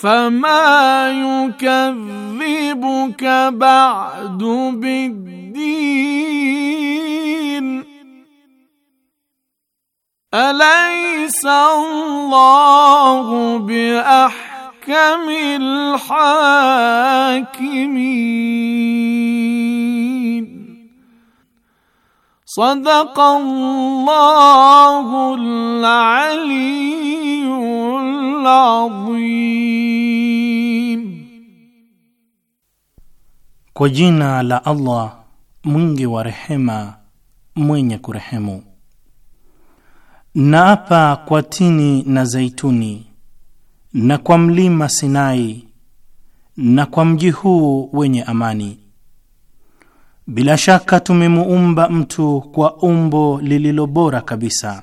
فما يكذبك بعد بالدين اليس الله باحكم الحاكمين صدق الله العليم العظيم Kwa jina la Allah mwingi wa rehema mwenye kurehemu. Naapa kwa tini na zaituni na kwa mlima Sinai na kwa mji huu wenye amani. Bila shaka tumemuumba mtu kwa umbo lililo bora kabisa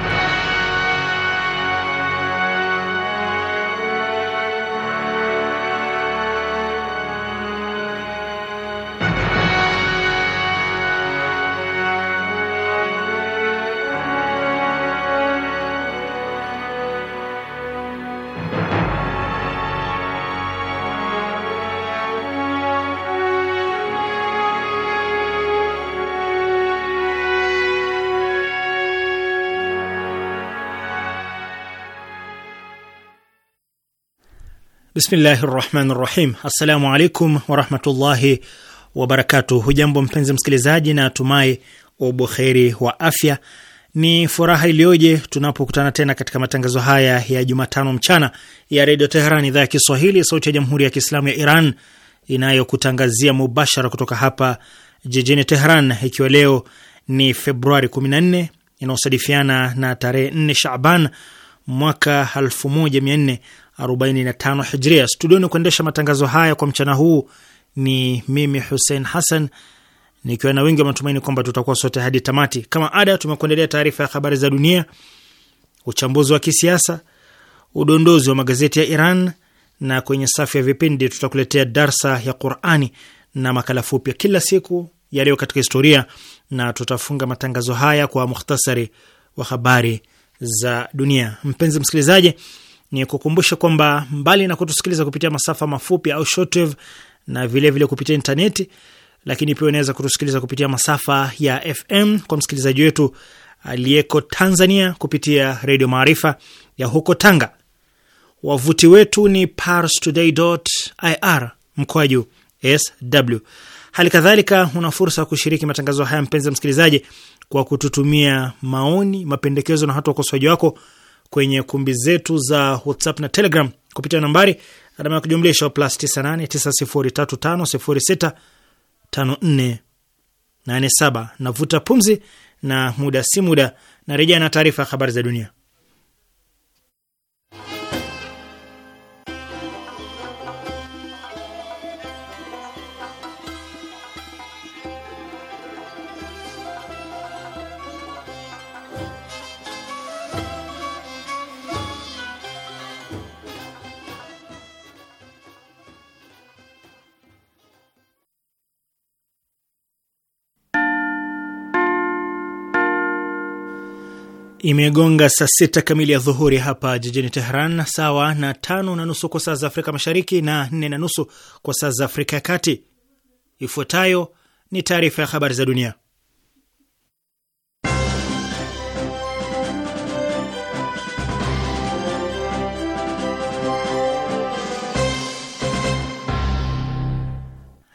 Bismillahi rahmani rahim. Assalamu alaikum warahmatullahi wabarakatuh. Hujambo mpenzi msikilizaji, na atumai ubuheri wa afya. Ni furaha iliyoje tunapokutana tena katika matangazo haya ya Jumatano mchana ya redio Teheran, idhaa ya Kiswahili, sauti ya jamhuri ya kiislamu ya Iran inayokutangazia mubashara kutoka hapa jijini Teheran, ikiwa leo ni Februari 14 inaosadifiana na tarehe 4 Shaban mwaka 45 Hijria. Studioni kuendesha matangazo haya kwa mchana huu ni mimi Hussein Hassan, nikiwa na wengi wa matumaini kwamba tutakuwa sote hadi tamati. Kama ada, tumekuendelea taarifa ya habari za dunia, uchambuzi wa kisiasa, udondozi wa magazeti ya Iran, na kwenye safu ya vipindi tutakuletea darsa ya Qurani na makala fupi ya kila siku yaliyo katika historia, na tutafunga matangazo haya kwa mukhtasari wa habari za dunia. Mpenzi msikilizaji ni kukumbusha kwamba mbali na kutusikiliza kupitia masafa mafupi au shortwave na vilevile vile kupitia intaneti, lakini pia unaweza kutusikiliza kupitia masafa ya FM kwa msikilizaji wetu aliyeko Tanzania kupitia Redio Maarifa ya huko Tanga. Wavuti wetu ni parstoday.ir mkoaju sw. Hali kadhalika una fursa ya kushiriki matangazo haya, mpenzi msikilizaji, kwa kututumia maoni, mapendekezo na hata ukosoaji wako kwenye kumbi zetu za WhatsApp na Telegram kupitia nambari alama ya kujumlisha plus 989035065487. Navuta pumzi na muda si muda na rejea na taarifa ya habari za dunia. Imegonga saa sita kamili ya dhuhuri hapa jijini Tehran, sawa na tano na nusu kwa saa za Afrika Mashariki na nne na nusu kwa saa za Afrika ya Kati. Ifuatayo ni taarifa ya habari za dunia,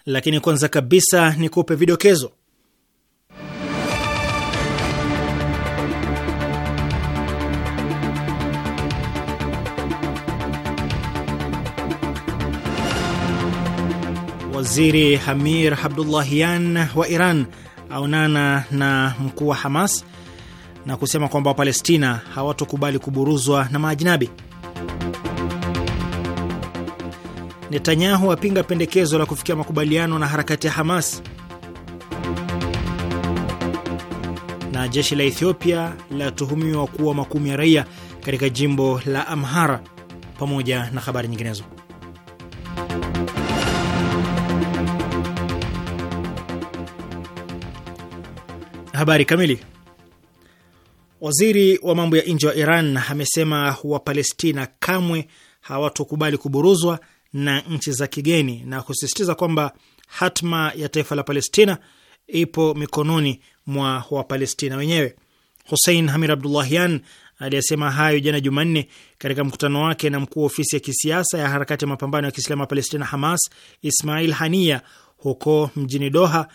lakini kwanza kabisa ni kupe vidokezo Waziri Hamir Abdullahian wa Iran aonana na mkuu wa Hamas na kusema kwamba Wapalestina hawatokubali kuburuzwa na maajinabi. Netanyahu apinga pendekezo la kufikia makubaliano na harakati ya Hamas. Na jeshi la Ethiopia latuhumiwa kuwa makumi ya raia katika jimbo la Amhara, pamoja na habari nyinginezo. Habari kamili. Waziri wa mambo ya nje wa Iran amesema Wapalestina kamwe hawatokubali kuburuzwa na nchi za kigeni na kusisitiza kwamba hatma ya taifa la Palestina ipo mikononi mwa Wapalestina wenyewe. husein Hamir Abdullahian aliyesema hayo jana Jumanne katika mkutano wake na mkuu wa ofisi ya kisiasa ya harakati ya mapambano ya Kiislamu ya Palestina, Hamas, Ismail Haniya, huko mjini Doha,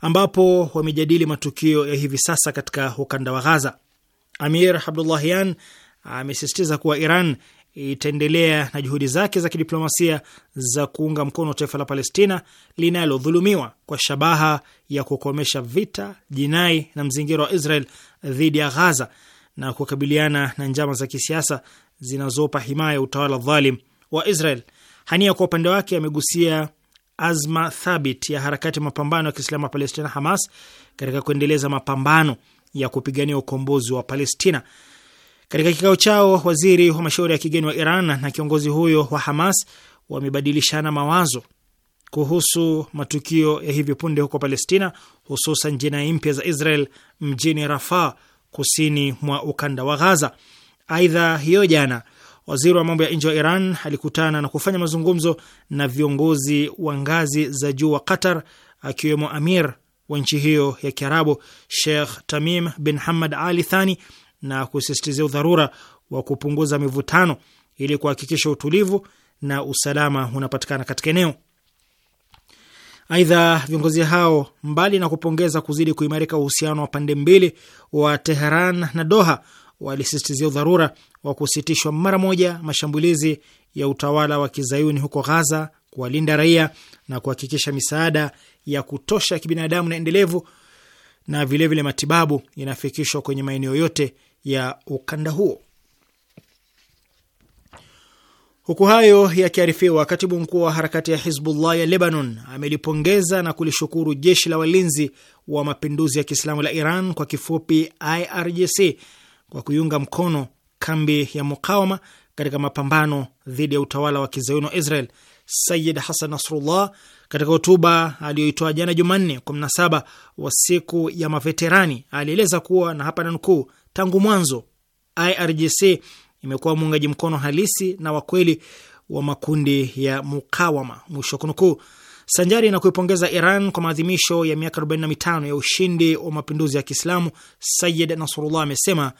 ambapo wamejadili matukio ya hivi sasa katika ukanda wa Ghaza. Amir Abdullahian amesisitiza kuwa Iran itaendelea na juhudi zake za kidiplomasia za kuunga mkono taifa la Palestina linalodhulumiwa kwa shabaha ya kukomesha vita, jinai na mzingiro wa Israel dhidi ya Ghaza na kukabiliana na njama za kisiasa zinazopa himaya utawala dhalim wa Israel. Hania kwa upande wake amegusia azma thabit ya harakati ya mapambano ya Kiislamu wa Palestina, Hamas, katika kuendeleza mapambano ya kupigania ukombozi wa Palestina. Katika kikao chao, waziri wa mashauri ya kigeni wa Iran na kiongozi huyo wa Hamas wamebadilishana mawazo kuhusu matukio ya hivi punde huko Palestina, hususan jinai mpya za Israel mjini Rafah, kusini mwa ukanda wa Ghaza. Aidha, hiyo jana Waziri wa mambo ya nje wa Iran alikutana na kufanya mazungumzo na viongozi wa ngazi za juu wa Qatar, akiwemo amir wa nchi hiyo ya Kiarabu Sheikh Tamim bin Hamad Ali Thani, na kusisitizia udharura wa kupunguza mivutano ili kuhakikisha utulivu na usalama unapatikana katika eneo. Aidha, viongozi hao mbali na kupongeza kuzidi kuimarika uhusiano wa pande mbili wa Teheran na Doha walisisitizia udharura wa kusitishwa mara moja mashambulizi ya utawala wa kizayuni huko Ghaza, kuwalinda raia na kuhakikisha misaada ya kutosha ya kibinadamu na endelevu na vilevile vile matibabu inafikishwa kwenye maeneo yote ya ukanda huo. Huku hayo yakiarifiwa, katibu mkuu wa harakati ya Hizbullah ya Lebanon amelipongeza na kulishukuru jeshi la walinzi wa mapinduzi ya Kiislamu la Iran, kwa kifupi IRGC, kwa kuiunga mkono kambi ya mukawama katika mapambano dhidi ya utawala wa kizayuni wa Israel. Sayid Hasan Nasrullah katika hotuba aliyoitoa jana Jumanne, 17 wa siku ya maveterani, alieleza kuwa na hapa nanukuu, tangu mwanzo IRGC imekuwa muungaji mkono halisi na wakweli wa makundi ya mukawama, mwisho kunukuu. Sanjari na kuipongeza Iran kwa maadhimisho ya miaka 45 ya ushindi wa mapinduzi ya Kiislamu, Sayid Nasrullah amesema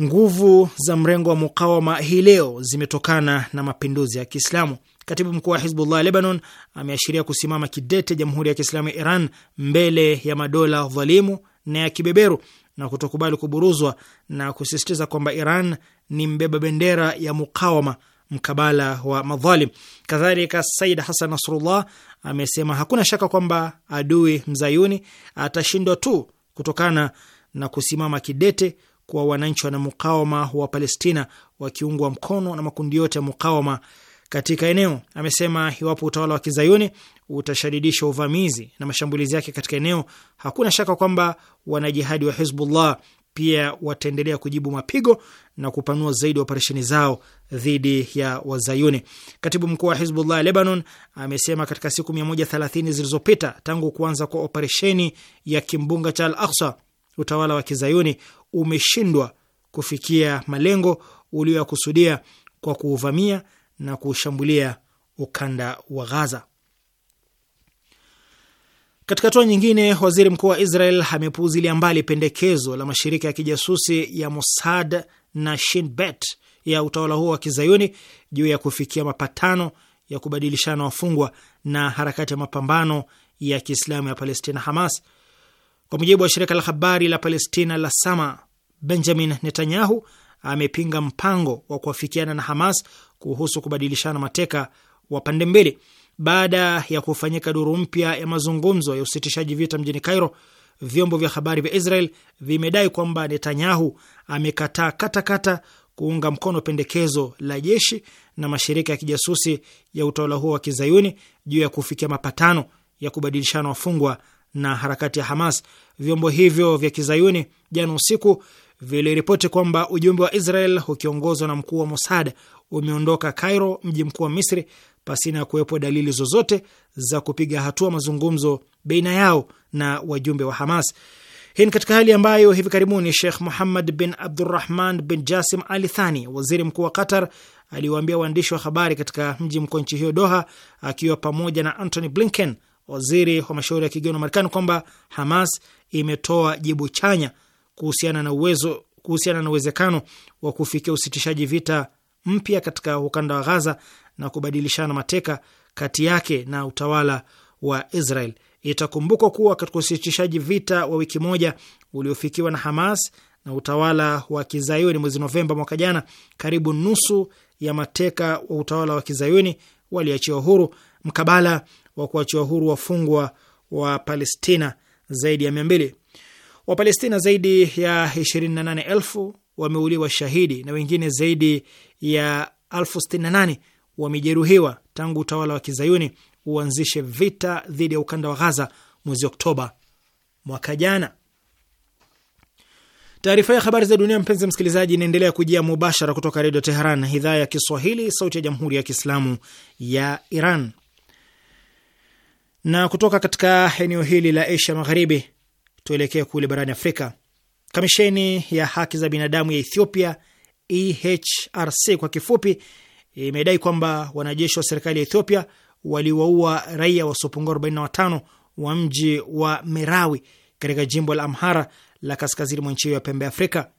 Nguvu za mrengo wa mukawama hii leo zimetokana na mapinduzi ya Kiislamu. Katibu mkuu wa Hizbullah Lebanon ameashiria kusimama kidete jamhuri ya Kiislamu ya Iran mbele ya madola dhalimu na ya kibeberu na kutokubali kuburuzwa na kusisitiza kwamba Iran ni mbeba bendera ya mukawama mkabala wa madhalim. Kadhalika, Said Hasan Nasrullah amesema hakuna shaka kwamba adui mzayuni atashindwa tu kutokana na kusimama kidete kwa wananchi wana mukawama wa Palestina wakiungwa mkono na makundi yote ya mukawama katika eneo. Amesema iwapo utawala wa kizayuni utashadidisha uvamizi na mashambulizi yake katika eneo, hakuna shaka kwamba wanajihadi wa Hizbullah pia wataendelea kujibu mapigo na kupanua zaidi operesheni zao dhidi ya Wazayuni. Katibu mkuu wa Hizbullah Lebanon amesema katika siku 130 zilizopita tangu kuanza kwa operesheni ya kimbunga cha Al Aksa, utawala wa kizayuni umeshindwa kufikia malengo ulioyakusudia kwa kuuvamia na kuushambulia ukanda wa Ghaza. Katika hatua nyingine, waziri mkuu wa Israel amepuuzilia mbali pendekezo la mashirika ya kijasusi ya Mossad na Shin Bet ya utawala huo wa kizayuni juu ya kufikia mapatano ya kubadilishana wafungwa na harakati ya mapambano ya kiislamu ya Palestina, Hamas. Kwa mujibu wa shirika la habari la Palestina la Sama, Benjamin Netanyahu amepinga mpango wa kuafikiana na Hamas kuhusu kubadilishana mateka wa pande mbili baada ya kufanyika duru mpya ya mazungumzo ya usitishaji vita mjini Cairo. Vyombo vya habari vya Israel vimedai kwamba Netanyahu amekataa katakata kuunga mkono pendekezo la jeshi na mashirika ya kijasusi ya utawala huo wa kizayuni juu ya kufikia mapatano ya kubadilishana wafungwa na harakati ya Hamas. Vyombo hivyo vya kizayuni jana usiku viliripoti kwamba ujumbe wa Israel ukiongozwa na mkuu wa Mossad umeondoka Cairo, mji mkuu wa Misri, pasina ya kuwepo dalili zozote za kupiga hatua mazungumzo baina yao na wajumbe wa Hamas. Hii ni katika hali ambayo hivi karibuni Sheikh Muhammad bin Abdurrahman bin Jasim Ali Thani, waziri mkuu wa Qatar, aliwaambia waandishi wa habari katika mji mkuu nchi hiyo Doha, akiwa pamoja na Antony Blinken, waziri wa mashauri ya kigeni wa Marekani, kwamba Hamas imetoa jibu chanya kuhusiana na uwezo kuhusiana na uwezekano wa kufikia usitishaji vita mpya katika ukanda wa Gaza na kubadilishana mateka kati yake na utawala wa Israel. Itakumbukwa kuwa katika usitishaji vita wa wiki moja uliofikiwa na Hamas na utawala wa kizayuni mwezi Novemba mwaka jana, karibu nusu ya mateka wa utawala wa kizayuni waliachiwa huru mkabala wa kuachiwa huru wafungwa wa Palestina zaidi ya mia mbili. Wapalestina zaidi ya 28,000 wameuliwa shahidi na wengine zaidi ya 68,000 wamejeruhiwa tangu utawala wa kizayuni uanzishe vita dhidi ya ukanda wa Ghaza mwezi Oktoba mwaka jana. Taarifa ya habari za dunia, mpenzi msikilizaji, inaendelea kujia mubashara kutoka Redio Teheran, idhaa ya Kiswahili, sauti ya jamhuri ya kiislamu ya Iran. Na kutoka katika eneo hili la Asia Magharibi tuelekee kule barani Afrika. Kamisheni ya haki za binadamu ya Ethiopia, EHRC kwa kifupi, imedai kwamba wanajeshi wa serikali ya Ethiopia waliwaua raia wasiopungua 45 wa mji wa Merawi katika jimbo la Amhara la kaskazini mwa nchi hiyo ya pembe Afrika.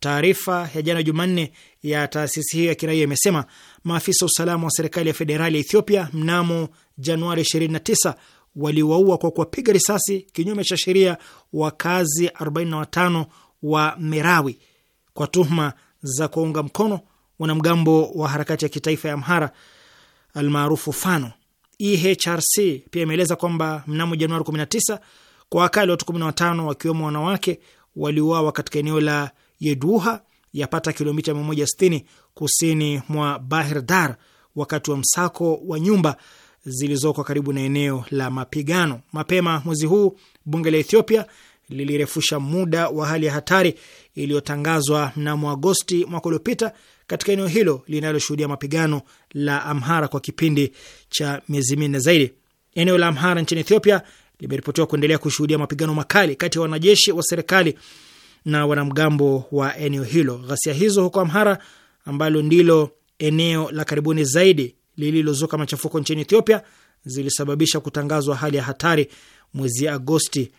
Taarifa ya jana Jumanne ya taasisi hiyo ya kiraia imesema maafisa wa usalama wa serikali ya federali ya Ethiopia mnamo Januari 29 waliwaua kwa kuwapiga risasi kinyume cha sheria wakazi 45 wa Merawi kwa tuhuma za kuunga mkono wanamgambo wa harakati ya kitaifa ya Amhara almaarufu Fano. EHRC pia imeeleza kwamba mnamo Januari 19 kwa wakali watu 15 wakiwemo wanawake waliuawa katika eneo la Yeduha yapata kilomita 160 kusini mwa Bahir Dar wakati wa msako wa nyumba zilizoko karibu na eneo la mapigano. Mapema mwezi huu bunge la Ethiopia lilirefusha muda wa hali ya hatari iliyotangazwa mnamo Agosti mwaka uliopita katika eneo hilo linaloshuhudia mapigano la Amhara kwa kipindi cha miezi minne zaidi. Eneo la Amhara nchini Ethiopia limeripotiwa kuendelea kushuhudia mapigano makali kati ya wanajeshi wa serikali na wanamgambo wa eneo hilo. Ghasia hizo huko Amhara, ambalo ndilo eneo la karibuni zaidi lililozuka machafuko nchini Ethiopia zilisababisha kutangazwa hali ya hatari mwezi Agosti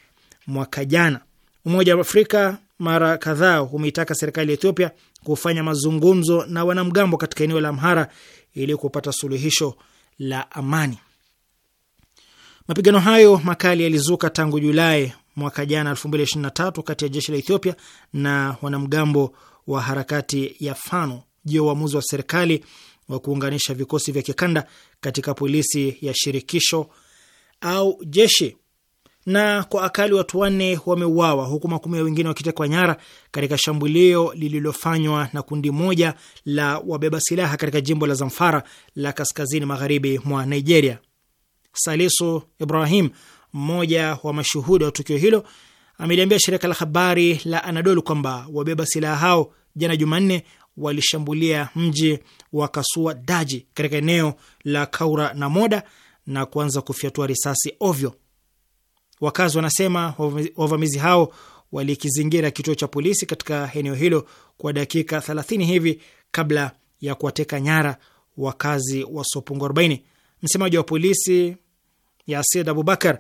mwaka jana. Umoja wa Afrika mara kadhaa umeitaka serikali ya Ethiopia kufanya mazungumzo na wanamgambo katika eneo la Amhara ili kupata suluhisho la amani. Mapigano hayo makali yalizuka tangu Julai mwaka jana 2023 kati ya jeshi la Ethiopia na wanamgambo wa harakati ya Fano juu ya uamuzi wa serikali wa kuunganisha vikosi vya kikanda katika polisi ya shirikisho au jeshi. Na kwa akali watu wanne wameuawa huku makumi ya wengine wakitekwa nyara katika shambulio lililofanywa na kundi moja la wabeba silaha katika jimbo la Zamfara la kaskazini magharibi mwa Nigeria. Salisu Ibrahim, mmoja wa mashuhuda wa tukio hilo, ameliambia shirika la habari la Anadolu kwamba wabeba silaha hao jana Jumanne walishambulia mji wa Kasua Daji katika eneo la Kaura na Moda na kuanza kufyatua risasi ovyo. Wakazi wanasema wavamizi hao walikizingira kituo cha polisi katika eneo hilo kwa dakika 30 hivi kabla ya kuwateka nyara wakazi wasiopungua 40. Msemaji wa polisi Yasid Abubakar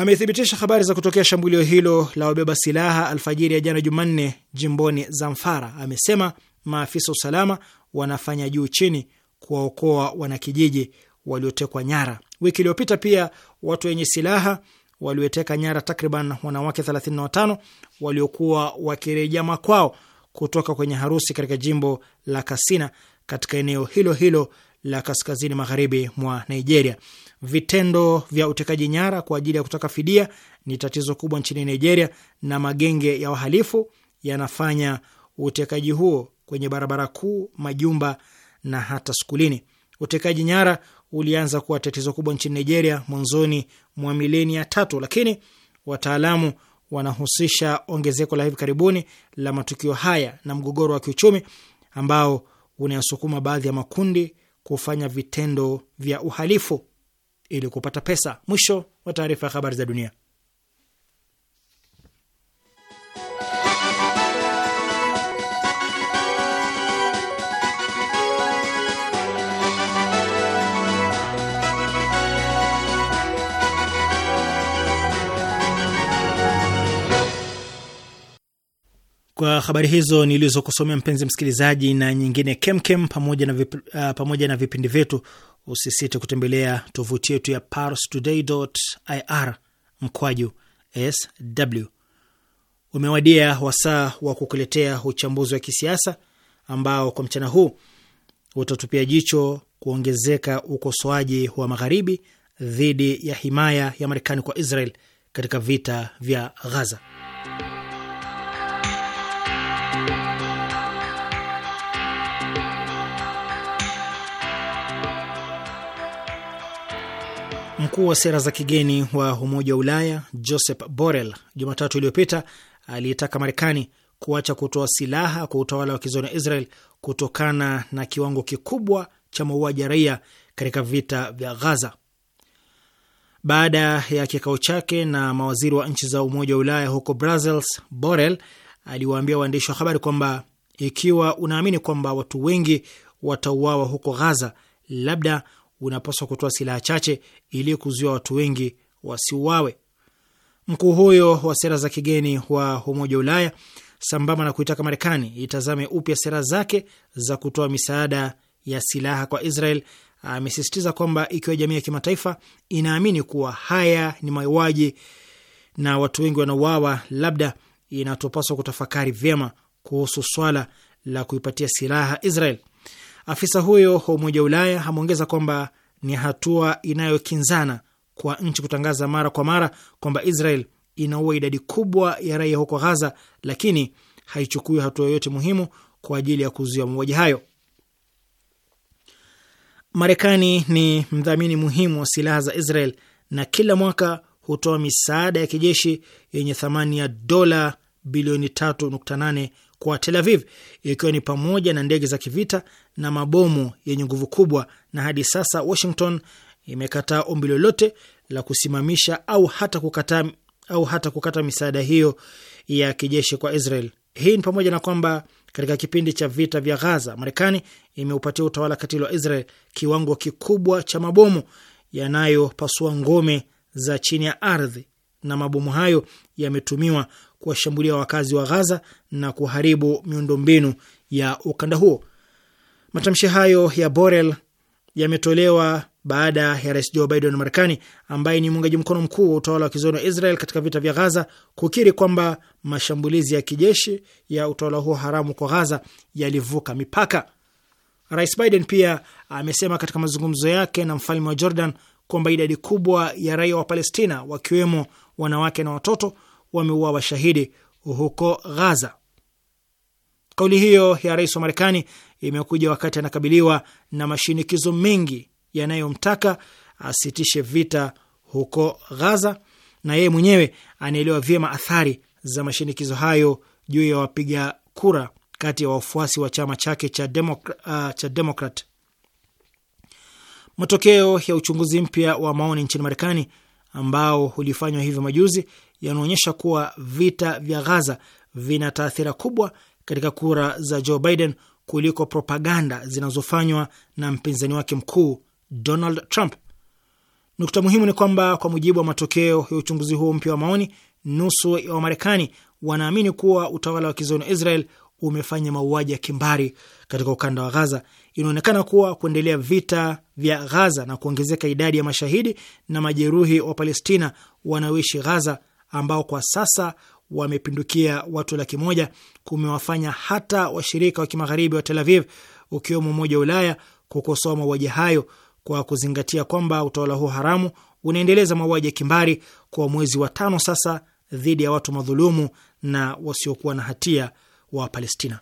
amethibitisha habari za kutokea shambulio hilo la wabeba silaha alfajiri ya jana Jumanne jimboni Zamfara. Amesema maafisa usalama wanafanya juu chini kuwaokoa wanakijiji waliotekwa nyara. Wiki iliyopita pia watu wenye silaha walioteka nyara takriban wanawake 35 waliokuwa wakirejea makwao kutoka kwenye harusi katika jimbo la Kasina katika eneo hilo hilo la kaskazini magharibi mwa Nigeria. Vitendo vya utekaji nyara kwa ajili ya kutaka fidia ni tatizo kubwa nchini Nigeria, na magenge ya wahalifu yanafanya utekaji huo kwenye barabara kuu, majumba na hata skulini. Utekaji nyara ulianza kuwa tatizo kubwa nchini Nigeria mwanzoni mwa milenia ya tatu, lakini wataalamu wanahusisha ongezeko la hivi karibuni la matukio haya na mgogoro wa kiuchumi ambao unayasukuma baadhi ya makundi kufanya vitendo vya uhalifu ili kupata pesa. Mwisho wa taarifa ya habari za dunia. Kwa habari hizo nilizokusomea mpenzi msikilizaji, na nyingine kemkem, pamoja na vip, uh, pamoja na vipindi vyetu usisite kutembelea tovuti yetu ya parstoday.ir mkwaju sw. Umewadia wasaa wa kukuletea uchambuzi wa kisiasa ambao kwa mchana huu utatupia jicho kuongezeka ukosoaji wa magharibi dhidi ya himaya ya Marekani kwa Israel katika vita vya Ghaza. Mkuu wa sera za kigeni wa Umoja wa Ulaya Joseph Borrell Jumatatu iliyopita aliitaka Marekani kuacha kutoa silaha kwa utawala wa kizona Israel kutokana na kiwango kikubwa cha mauaji ya raia katika vita vya Ghaza. Baada ya kikao chake na mawaziri wa nchi za Umoja wa Ulaya huko Brussels, Borrell aliwaambia waandishi wa habari kwamba ikiwa unaamini kwamba watu wengi watauawa huko Ghaza, labda unapaswa kutoa silaha chache ili kuzuia watu wengi wasiuawe. Mkuu huyo wa sera za kigeni wa Umoja wa Ulaya, sambamba na kuitaka Marekani itazame upya sera zake za kutoa misaada ya silaha kwa Israel, amesisitiza kwamba ikiwa jamii ya kimataifa inaamini kuwa haya ni mauaji na watu wengi wanauawa, labda inatopaswa kutafakari vyema kuhusu swala la kuipatia silaha Israel. Afisa huyo wa Umoja wa Ulaya ameongeza kwamba ni hatua inayokinzana kwa nchi kutangaza mara kwa mara kwamba Israel inaua idadi kubwa ya raia huko Ghaza, lakini haichukui hatua yoyote muhimu kwa ajili ya kuzuia mauaji hayo. Marekani ni mdhamini muhimu wa silaha za Israel na kila mwaka hutoa misaada ya kijeshi yenye thamani ya dola bilioni 3.8 kwa Tel Aviv, ikiwa ni pamoja na ndege za kivita na mabomu yenye nguvu kubwa, na hadi sasa Washington imekataa ombi lolote la kusimamisha au hata kukata, au hata kukata misaada hiyo ya kijeshi kwa Israel. Hii ni pamoja na kwamba katika kipindi cha vita vya Ghaza, Marekani imeupatia utawala katili wa Israel kiwango kikubwa cha mabomu yanayopasua ngome za chini ya ardhi, na mabomu hayo yametumiwa kuwashambulia wakazi wa Ghaza na kuharibu miundombinu ya ukanda huo. Matamshi hayo ya Borel yametolewa baada ya rais Joe Biden wa Marekani, ambaye ni muungaji mkono mkuu wa utawala wa kizoni wa Israel katika vita vya Ghaza, kukiri kwamba mashambulizi ya kijeshi ya utawala huo haramu kwa Ghaza yalivuka mipaka. Rais Biden pia amesema katika mazungumzo yake na mfalme wa Jordan kwamba idadi kubwa ya raia wa Palestina, wakiwemo wanawake na watoto, wameua washahidi huko Ghaza. Kauli hiyo ya rais wa Marekani imekuja wakati anakabiliwa na mashinikizo mengi yanayomtaka asitishe vita huko Ghaza, na yeye mwenyewe anaelewa vyema athari za mashinikizo hayo juu ya wapiga kura kati ya wafuasi wa chama chake cha, Demokra, uh, cha Demokrat. Matokeo ya uchunguzi mpya wa maoni nchini Marekani ambao ulifanywa hivi majuzi yanaonyesha kuwa vita vya Ghaza vina taathira kubwa katika kura za Joe Biden kuliko propaganda zinazofanywa na mpinzani wake mkuu Donald Trump. Nukta muhimu ni kwamba kwa mujibu wa matokeo ya uchunguzi huo mpya wa maoni, nusu ya Wamarekani wanaamini kuwa utawala wa kizayuni Israel umefanya mauaji ya kimbari katika ukanda wa Ghaza. Inaonekana kuwa kuendelea vita vya Ghaza na kuongezeka idadi ya mashahidi na majeruhi wa Palestina wanaoishi Ghaza ambao kwa sasa wamepindukia watu laki moja kumewafanya hata washirika wa kimagharibi wa Tel Aviv ukiwemo Umoja wa Ulaya kukosoa mauaji hayo kwa kuzingatia kwamba utawala huo haramu unaendeleza mauaji ya kimbari kwa mwezi wa tano sasa dhidi ya watu madhulumu na wasiokuwa na hatia wa Palestina.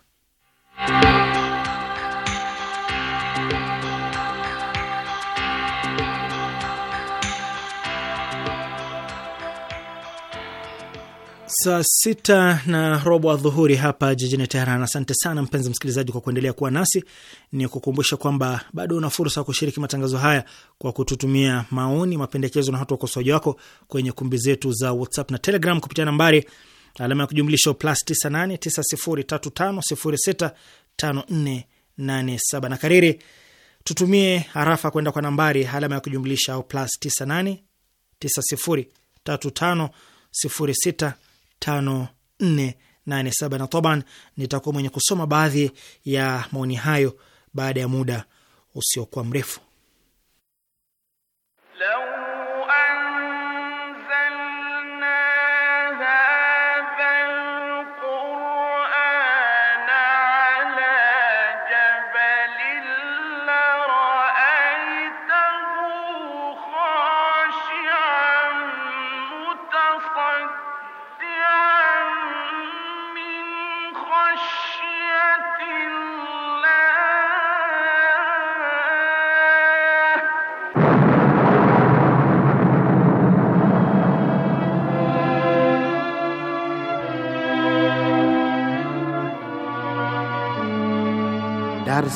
Saa sita na robo adhuhuri hapa jijini Teheran. Asante sana mpenzi msikilizaji kwa kuendelea kuwa nasi. Ni kukumbusha kwamba bado una fursa ya kushiriki matangazo haya kwa kututumia maoni, mapendekezo na hata ukosoaji wako kwenye kumbi zetu za WhatsApp na Telegram kupitia nambari alama ya kujumlisha plus 989035065487 na kariri, tutumie harafa kwenda kwa nambari alama ya kujumlisha plus 98903506 5487 na toban nitakuwa mwenye kusoma baadhi ya maoni hayo baada ya muda usiokuwa mrefu.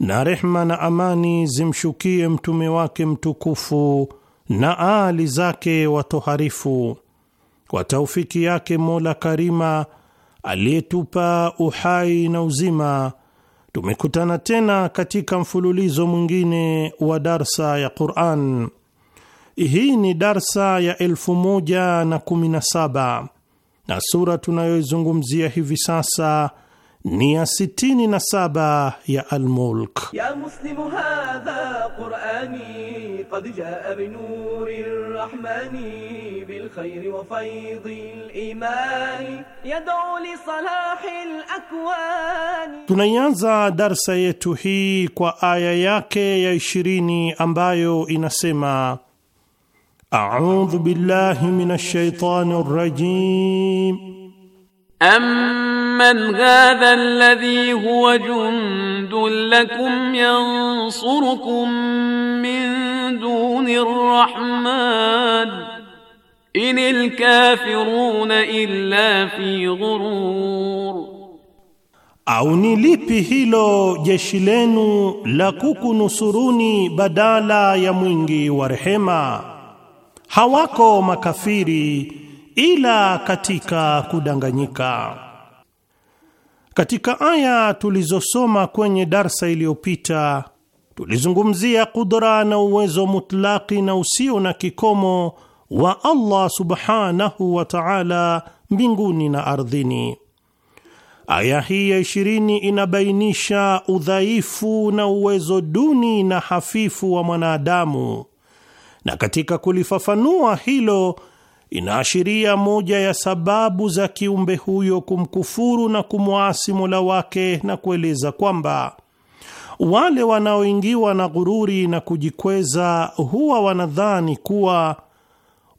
na rehma na amani zimshukie mtume wake mtukufu na aali zake watoharifu. Kwa taufiki yake Mola Karima aliyetupa uhai na uzima, tumekutana tena katika mfululizo mwingine wa darsa ya Quran. Hii ni darsa ya elfu moja na kumi na saba na sura tunayoizungumzia hivi sasa ni ya 67 ya Almulk. ya muslimu hadha qurani qad jaa binuri rrahmani bilkhairi wa faidhi limani yadu lisalahi lakwani. Tunaianza darsa yetu hii kwa aya yake ya ishirini ambayo inasema audhu billahi minash shaitani rrajim. من هذا الذي هو جند لكم ينصركم من دون الرحمن إن الكافرون إلا في غرور au ni lipi hilo jeshi lenu la kukunusuruni badala ya mwingi wa rehema? Hawako makafiri ila katika kudanganyika. Katika aya tulizosoma kwenye darsa iliyopita tulizungumzia kudra na uwezo mutlaki na usio na kikomo wa Allah subhanahu wa ta'ala mbinguni na ardhini. Aya hii ya ishirini inabainisha udhaifu na uwezo duni na hafifu wa mwanadamu, na katika kulifafanua hilo inaashiria moja ya sababu za kiumbe huyo kumkufuru na kumwasi Mola wake, na kueleza kwamba wale wanaoingiwa na ghururi na kujikweza huwa wanadhani kuwa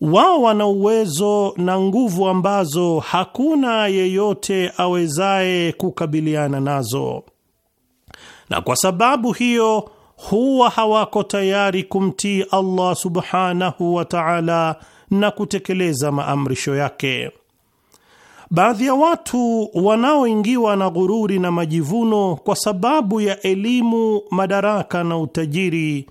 wao wana uwezo na nguvu ambazo hakuna yeyote awezaye kukabiliana nazo, na kwa sababu hiyo huwa hawako tayari kumtii Allah subhanahu wa ta'ala na kutekeleza maamrisho yake. Baadhi ya watu wanaoingiwa na ghururi na majivuno kwa sababu ya elimu, madaraka na utajiri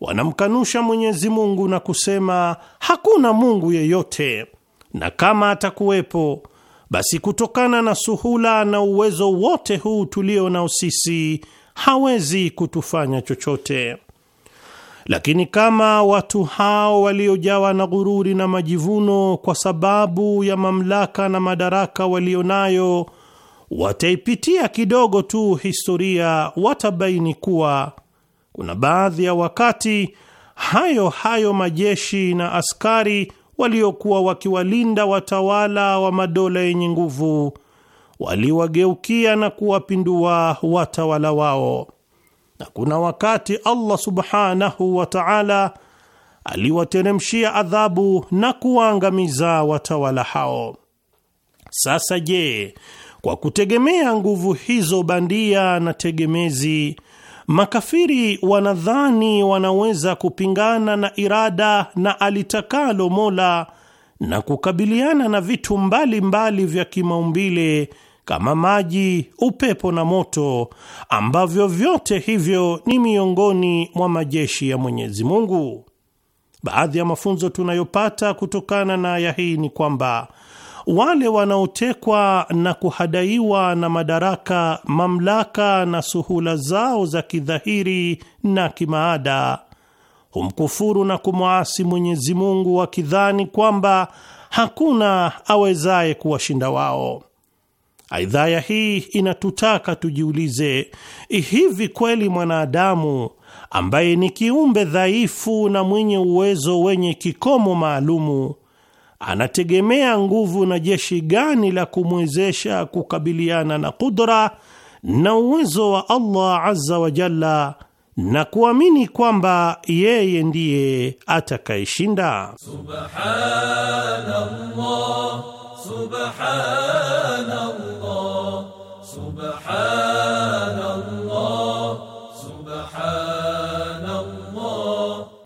wanamkanusha Mwenyezi Mungu na kusema hakuna Mungu yeyote, na kama atakuwepo basi kutokana na suhula na uwezo wote huu tulio nao sisi hawezi kutufanya chochote. Lakini kama watu hao waliojawa na ghururi na majivuno kwa sababu ya mamlaka na madaraka walio nayo wataipitia kidogo tu historia, watabaini kuwa kuna baadhi ya wakati hayo hayo majeshi na askari waliokuwa wakiwalinda watawala wa madola yenye nguvu waliwageukia na kuwapindua watawala wao na kuna wakati Allah subhanahu wa ta'ala aliwateremshia adhabu na kuwaangamiza watawala hao. Sasa je, kwa kutegemea nguvu hizo bandia na tegemezi, makafiri wanadhani wanaweza kupingana na irada na alitakalo Mola na kukabiliana na vitu mbalimbali mbali vya kimaumbile kama maji, upepo na moto, ambavyo vyote hivyo ni miongoni mwa majeshi ya Mwenyezi Mungu. Baadhi ya mafunzo tunayopata kutokana na aya hii ni kwamba wale wanaotekwa na kuhadaiwa na madaraka, mamlaka na suhula zao za kidhahiri na kimaada humkufuru na kumwasi Mwenyezi Mungu wakidhani kwamba hakuna awezaye kuwashinda wao. Aidha, ya hii inatutaka tujiulize, hivi kweli mwanadamu ambaye ni kiumbe dhaifu na mwenye uwezo wenye kikomo maalumu anategemea nguvu na jeshi gani la kumwezesha kukabiliana na kudra na uwezo wa Allah azza wa jalla na kuamini kwamba yeye ndiye atakayeshinda. Subhanallah, subhanallah.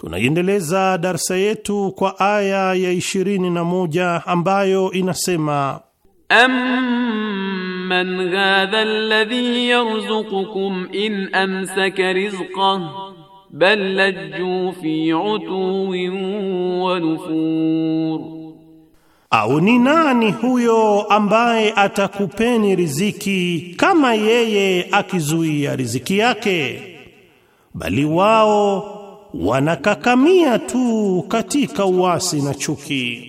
Tunaiendeleza darsa yetu kwa aya ya ishirini na moja ambayo inasema Amman hadha alladhi yarzuqukum in amsaka rizqahu bal lajju fi utuwin wa nufur au ni nani huyo ambaye atakupeni riziki kama yeye akizuia riziki yake? Bali wao wanakakamia tu katika uasi na chuki.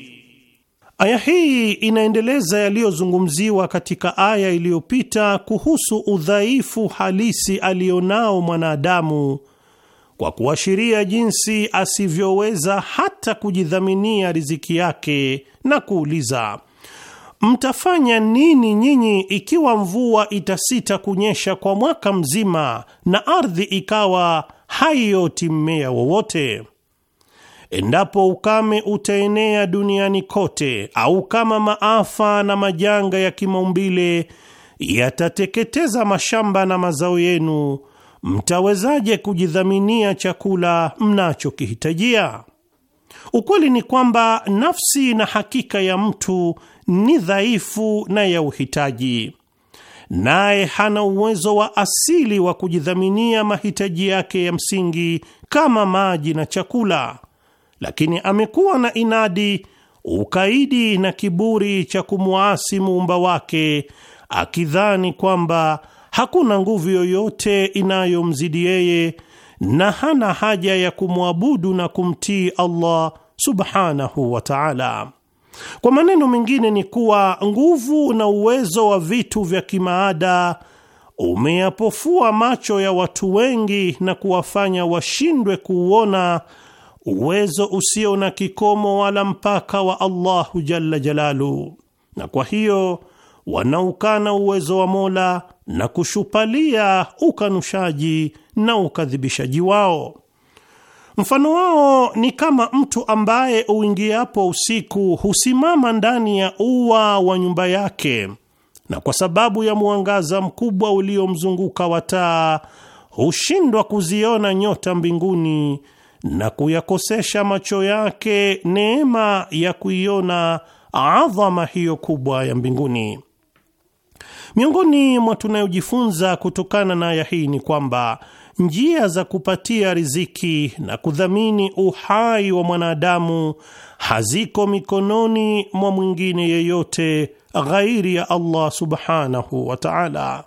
Aya hii inaendeleza yaliyozungumziwa katika aya iliyopita kuhusu udhaifu halisi alionao mwanadamu kwa kuashiria jinsi asivyoweza hata kujidhaminia riziki yake na kuuliza, mtafanya nini nyinyi ikiwa mvua itasita kunyesha kwa mwaka mzima na ardhi ikawa haioti mmea wowote? Endapo ukame utaenea duniani kote, au kama maafa na majanga ya kimaumbile yatateketeza mashamba na mazao yenu mtawezaje kujidhaminia chakula mnachokihitajia? Ukweli ni kwamba nafsi na hakika ya mtu ni dhaifu na ya uhitaji, naye hana uwezo wa asili wa kujidhaminia mahitaji yake ya msingi kama maji na chakula, lakini amekuwa na inadi, ukaidi na kiburi cha kumwasi muumba wake, akidhani kwamba hakuna nguvu yoyote inayomzidi yeye na hana haja ya kumwabudu na kumtii Allah subhanahu wa ta'ala. Kwa maneno mengine ni kuwa nguvu na uwezo wa vitu vya kimaada umeyapofua macho ya watu wengi na kuwafanya washindwe kuuona uwezo usio na kikomo wala mpaka wa Allahu jalla jalalu, na kwa hiyo wanaukana uwezo wa Mola na kushupalia ukanushaji na ukadhibishaji wao. Mfano wao ni kama mtu ambaye uingiapo usiku husimama ndani ya ua wa nyumba yake, na kwa sababu ya mwangaza mkubwa uliomzunguka wa taa hushindwa kuziona nyota mbinguni na kuyakosesha macho yake neema ya kuiona adhama hiyo kubwa ya mbinguni. Miongoni mwa tunayojifunza kutokana na aya hii ni kwamba njia za kupatia riziki na kudhamini uhai wa mwanadamu haziko mikononi mwa mwingine yeyote ghairi ya Allah subhanahu wa ta'ala.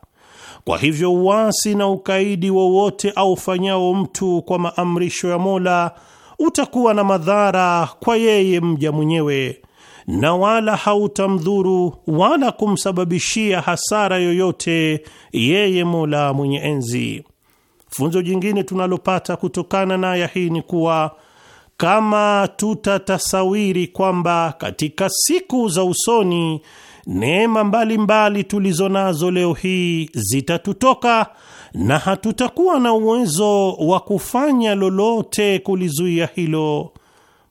Kwa hivyo uasi na ukaidi wowote aufanyao mtu kwa maamrisho ya Mola utakuwa na madhara kwa yeye mja mwenyewe na wala hautamdhuru wala kumsababishia hasara yoyote yeye Mola mwenye enzi. Funzo jingine tunalopata kutokana na aya hii ni kuwa kama tutatasawiri kwamba katika siku za usoni neema mbalimbali tulizo nazo leo hii zitatutoka na hatutakuwa na uwezo wa kufanya lolote kulizuia hilo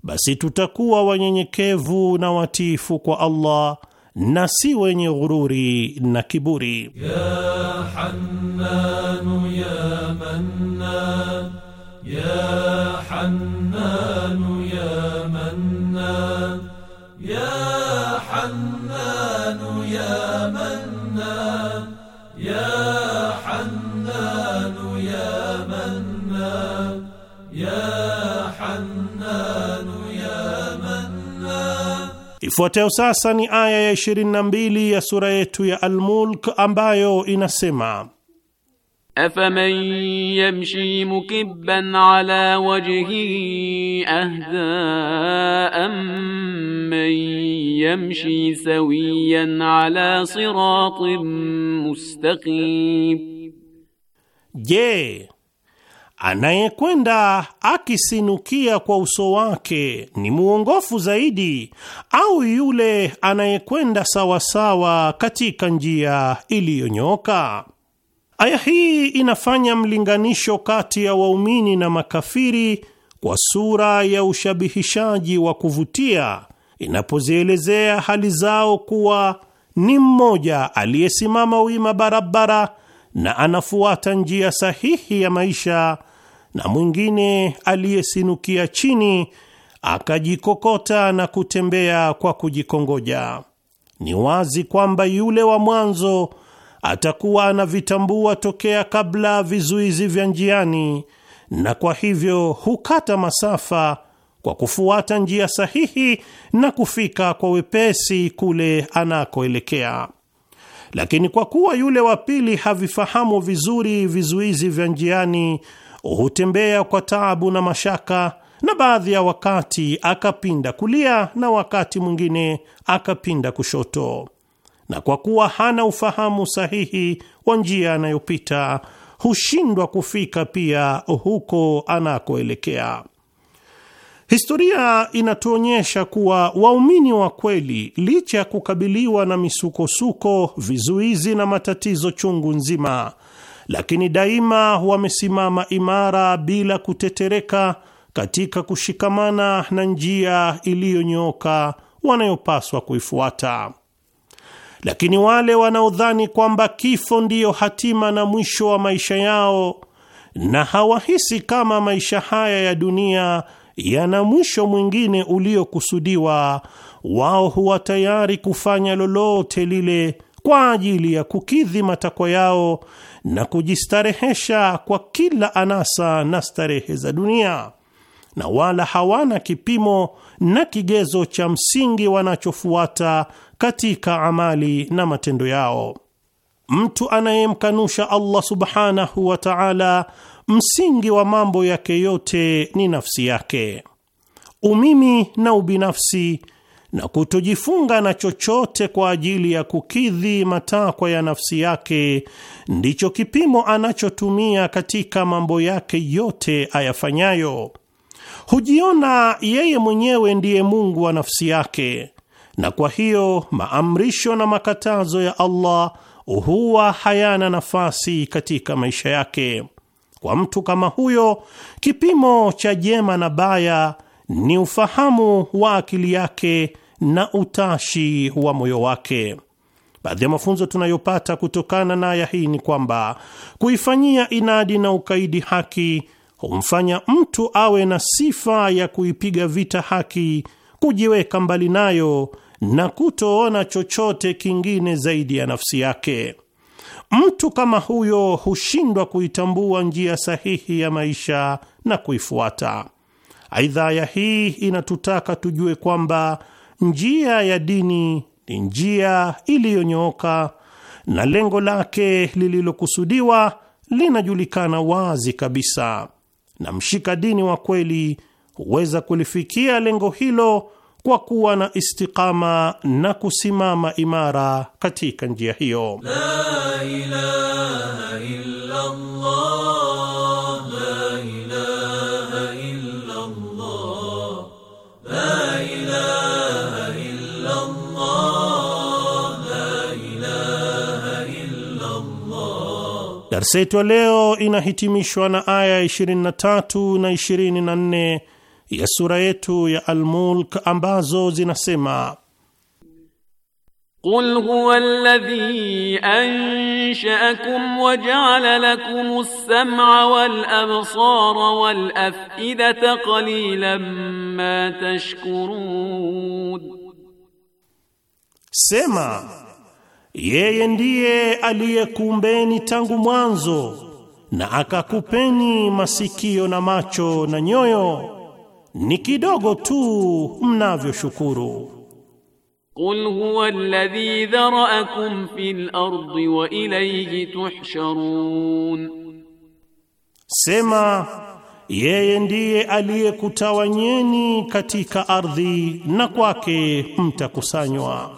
basi tutakuwa wanyenyekevu na watiifu kwa Allah na si wenye ghururi na kiburi. Ya Hannanu ya Mannan, ya Hannanu ya Mannan, ya Hannanu ya Mannan, ya Hannanu ya Mannan, ya Hannanu Ifuatayo sasa ni aya ya 22 ya sura yetu ya almulk ambayo inasema Afaman yamshi mukibban ala wajhihi ahda amman yamshi sawiyan ala siratin mustaqim Je, Anayekwenda akisinukia kwa uso wake ni mwongofu zaidi au yule anayekwenda sawasawa katika njia iliyonyooka? Aya hii inafanya mlinganisho kati ya waumini na makafiri kwa sura ya ushabihishaji wa kuvutia inapozielezea hali zao kuwa ni mmoja aliyesimama wima barabara na anafuata njia sahihi ya maisha na mwingine aliyesinukia chini akajikokota na kutembea kwa kujikongoja. Ni wazi kwamba yule wa mwanzo atakuwa anavitambua tokea kabla vizuizi vya njiani, na kwa hivyo hukata masafa kwa kufuata njia sahihi na kufika kwa wepesi kule anakoelekea. Lakini kwa kuwa yule wa pili havifahamu vizuri vizuizi vya njiani, hutembea kwa taabu na mashaka, na baadhi ya wakati akapinda kulia na wakati mwingine akapinda kushoto, na kwa kuwa hana ufahamu sahihi wa njia anayopita hushindwa kufika pia huko anakoelekea. Historia inatuonyesha kuwa waumini wa kweli, licha ya kukabiliwa na misukosuko, vizuizi na matatizo chungu nzima, lakini daima wamesimama imara bila kutetereka katika kushikamana na njia iliyonyooka wanayopaswa kuifuata. Lakini wale wanaodhani kwamba kifo ndiyo hatima na mwisho wa maisha yao na hawahisi kama maisha haya ya dunia yana mwisho mwingine uliokusudiwa, wao huwa tayari kufanya lolote lile kwa ajili ya kukidhi matakwa yao na kujistarehesha kwa kila anasa na starehe za dunia, na wala hawana kipimo na kigezo cha msingi wanachofuata katika amali na matendo yao. Mtu anayemkanusha Allah subhanahu wa ta'ala, msingi wa mambo yake yote ni nafsi yake, umimi na ubinafsi na kutojifunga na chochote kwa ajili ya kukidhi matakwa ya nafsi yake ndicho kipimo anachotumia katika mambo yake yote ayafanyayo. Hujiona yeye mwenyewe ndiye Mungu wa nafsi yake, na kwa hiyo maamrisho na makatazo ya Allah huwa hayana nafasi katika maisha yake. Kwa mtu kama huyo, kipimo cha jema na baya ni ufahamu wa akili yake na utashi wa moyo wake. Baadhi ya mafunzo tunayopata kutokana na aya hii ni kwamba kuifanyia inadi na ukaidi haki humfanya mtu awe na sifa ya kuipiga vita haki, kujiweka mbali nayo na kutoona chochote kingine zaidi ya nafsi yake. Mtu kama huyo hushindwa kuitambua njia sahihi ya maisha na kuifuata. Aidha, aya hii inatutaka tujue kwamba Njia ya dini ni njia iliyonyooka na lengo lake lililokusudiwa linajulikana wazi kabisa, na mshika dini wa kweli huweza kulifikia lengo hilo kwa kuwa na istikama na kusimama imara katika njia hiyo. La ilaha Allah. Darsa yetu ya leo inahitimishwa na aya 23 na 24 ya sura yetu ya Al-Mulk ambazo zinasema: Qul huwa alladhi ansha'akum wa ja'ala lakum as-sam'a wal absara wal af'idata qalilan ma tashkurun, sema yeye ndiye aliyekumbeni tangu mwanzo na akakupeni masikio na macho na nyoyo, ni kidogo tu mnavyoshukuru. Qul huwa alladhi dharaakum fil ardi wa ilayhi tuhsharun, sema yeye ndiye aliyekutawanyeni katika ardhi na kwake mtakusanywa.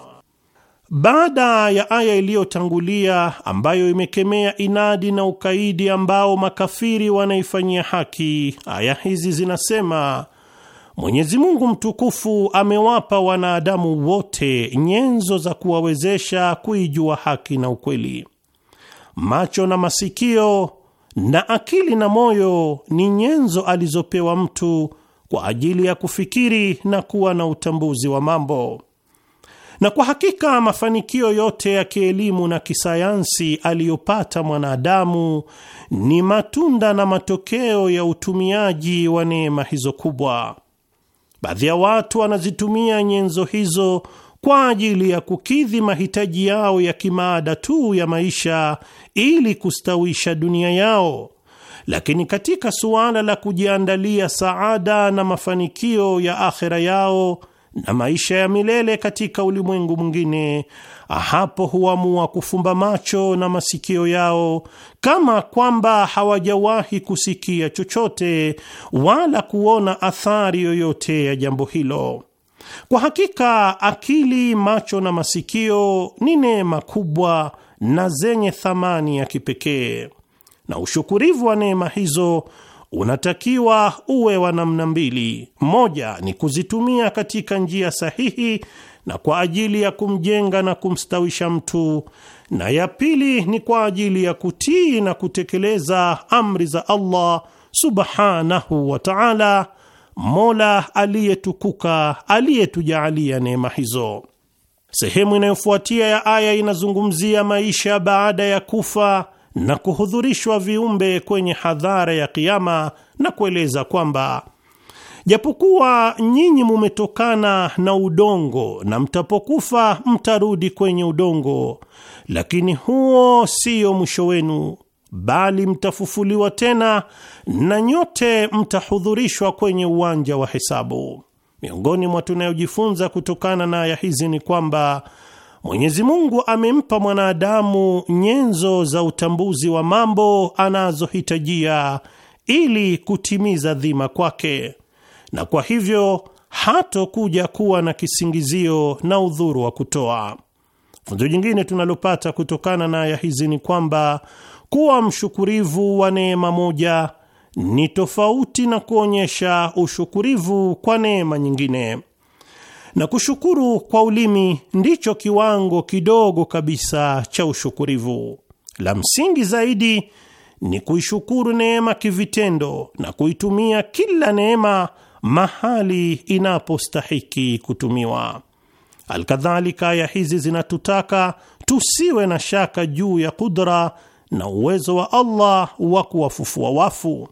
Baada ya aya iliyotangulia ambayo imekemea inadi na ukaidi ambao makafiri wanaifanyia haki, aya hizi zinasema Mwenyezi Mungu mtukufu amewapa wanadamu wote nyenzo za kuwawezesha kuijua haki na ukweli. Macho na masikio na akili na moyo ni nyenzo alizopewa mtu kwa ajili ya kufikiri na kuwa na utambuzi wa mambo. Na kwa hakika mafanikio yote ya kielimu na kisayansi aliyopata mwanadamu ni matunda na matokeo ya utumiaji wa neema hizo kubwa. Baadhi ya watu wanazitumia nyenzo hizo kwa ajili ya kukidhi mahitaji yao ya kimaada tu ya maisha ili kustawisha dunia yao, lakini katika suala la kujiandalia saada na mafanikio ya akhera yao na maisha ya milele katika ulimwengu mwingine, hapo huamua kufumba macho na masikio yao kama kwamba hawajawahi kusikia chochote wala kuona athari yoyote ya jambo hilo. Kwa hakika akili, macho na masikio ni neema kubwa na zenye thamani ya kipekee, na ushukurivu wa neema hizo unatakiwa uwe wa namna mbili. Moja ni kuzitumia katika njia sahihi na kwa ajili ya kumjenga na kumstawisha mtu, na ya pili ni kwa ajili ya kutii na kutekeleza amri za Allah subhanahu wa ta'ala, Mola aliyetukuka aliyetujaalia neema hizo. Sehemu inayofuatia ya aya inazungumzia maisha baada ya kufa na kuhudhurishwa viumbe kwenye hadhara ya Kiama na kueleza kwamba japokuwa nyinyi mumetokana na udongo na mtapokufa mtarudi kwenye udongo, lakini huo siyo mwisho wenu, bali mtafufuliwa tena na nyote mtahudhurishwa kwenye uwanja wa hesabu. Miongoni mwa tunayojifunza kutokana na aya hizi ni kwamba Mwenyezi Mungu amempa mwanadamu nyenzo za utambuzi wa mambo anazohitajia ili kutimiza dhima kwake, na kwa hivyo hatokuja kuwa na kisingizio na udhuru wa kutoa. Funzo jingine tunalopata kutokana na aya hizi ni kwamba kuwa mshukurivu wa neema moja ni tofauti na kuonyesha ushukurivu kwa neema nyingine na kushukuru kwa ulimi ndicho kiwango kidogo kabisa cha ushukurivu. La msingi zaidi ni kuishukuru neema kivitendo na kuitumia kila neema mahali inapostahiki kutumiwa. Alkadhalika, aya hizi zinatutaka tusiwe na shaka juu ya kudra na uwezo wa Allah wa kuwafufua wafu.